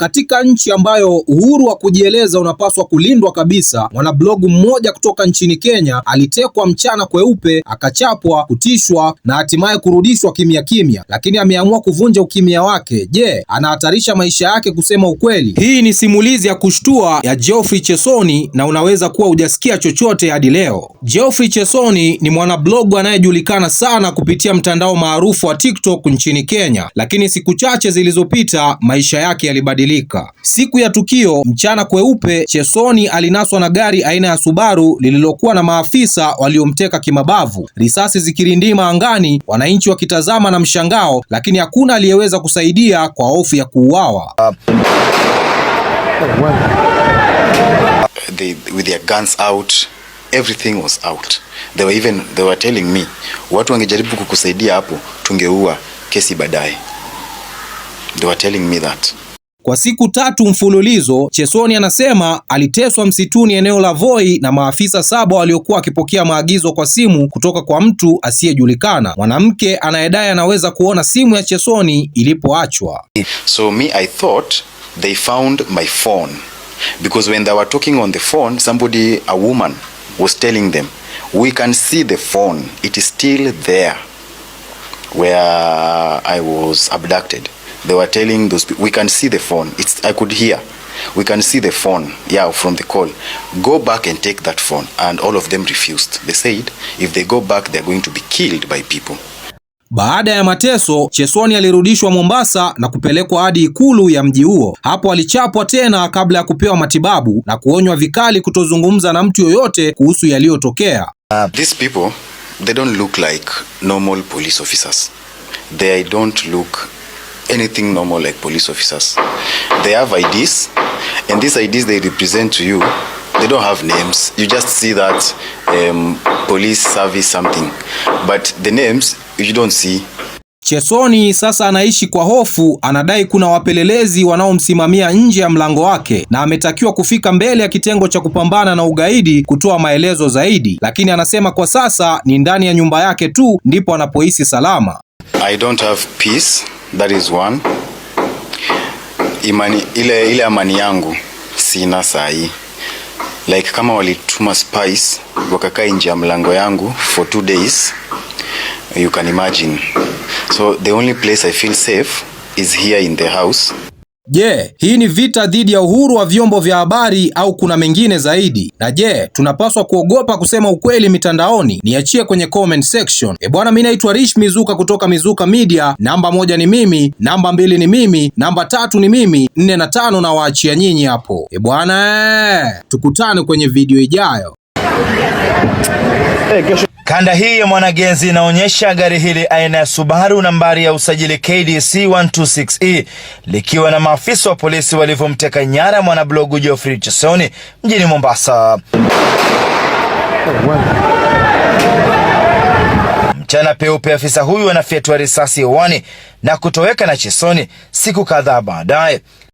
Katika nchi ambayo uhuru wa kujieleza unapaswa kulindwa kabisa, mwanablogu mmoja kutoka nchini Kenya alitekwa mchana kweupe, akachapwa, kutishwa na hatimaye kurudishwa kimya kimya, lakini ameamua kuvunja ukimya wake. Je, anahatarisha maisha yake kusema ukweli? Hii ni simulizi ya kushtua ya Geoffrey Chesoni na unaweza kuwa hujasikia chochote hadi leo. Geoffrey Chesoni ni mwanablogu anayejulikana sana kupitia mtandao maarufu wa TikTok nchini Kenya, lakini siku chache zilizopita maisha yake yalibadilika kukamilika. Siku ya tukio mchana kweupe, Chesoni alinaswa na gari aina ya Subaru lililokuwa na maafisa waliomteka kimabavu, risasi zikirindima angani, wananchi wakitazama na mshangao, lakini hakuna aliyeweza kusaidia kwa hofu ya kuuawa. They, with their guns out everything was out they were even they were telling me watu wangejaribu kukusaidia hapo tungeua kesi baadaye they were telling me that kwa siku tatu mfululizo, Chesoni anasema aliteswa msituni eneo la Voi na maafisa saba waliokuwa wakipokea maagizo kwa simu kutoka kwa mtu asiyejulikana, mwanamke anayedai anaweza kuona simu ya Chesoni ilipoachwa. So me I thought they found my phone because when they were talking on the phone somebody a woman was telling them we can see the phone it is still there where I was abducted they were telling those people we can see the phone it's i could hear we can see the phone yeah from the call go back and take that phone and all of them refused they said if they go back they're going to be killed by people baada ya mateso Chesoni alirudishwa Mombasa na kupelekwa hadi ikulu ya mji huo. Hapo alichapwa tena kabla ya kupewa matibabu na kuonywa vikali kutozungumza na mtu yoyote kuhusu yaliyotokea. Uh, these people they don't look like normal police officers. They don't look anything normal like police officers. They have IDs, and these IDs they represent to you they don't have names you just see that um, police service something but the names you don't see Chesoni sasa anaishi kwa hofu, anadai kuna wapelelezi wanaomsimamia nje ya mlango wake na ametakiwa kufika mbele ya kitengo cha kupambana na ugaidi kutoa maelezo zaidi, lakini anasema kwa sasa ni ndani ya nyumba yake tu ndipo anapohisi salama. I don't have peace that is one. Imani, ile, ile amani yangu sina saa hii like kama walituma spice wakakaa nje ya mlango yangu for two days you can imagine so the only place I feel safe is here in the house Je, yeah, hii ni vita dhidi ya uhuru wa vyombo vya habari au kuna mengine zaidi? Na je, yeah, tunapaswa kuogopa kusema ukweli mitandaoni? Niachie kwenye comment section. Eh bwana, mimi naitwa Rich Mizuka kutoka Mizuka Media. Namba moja ni mimi, namba mbili ni mimi, namba tatu ni mimi, nne na tano na waachia nyinyi hapo. Eh bwana, tukutane kwenye video ijayo. Kanda hii ya Mwanagenzi inaonyesha gari hili aina ya Subaru nambari ya usajili KDC 126E e, likiwa na maafisa wa polisi walivyomteka nyara mwanablogu Geoffrey Chesoni mjini Mombasa. Mchana peupe, afisa huyu anafyatua risasi hewani na kutoweka na Chesoni siku kadhaa baadaye.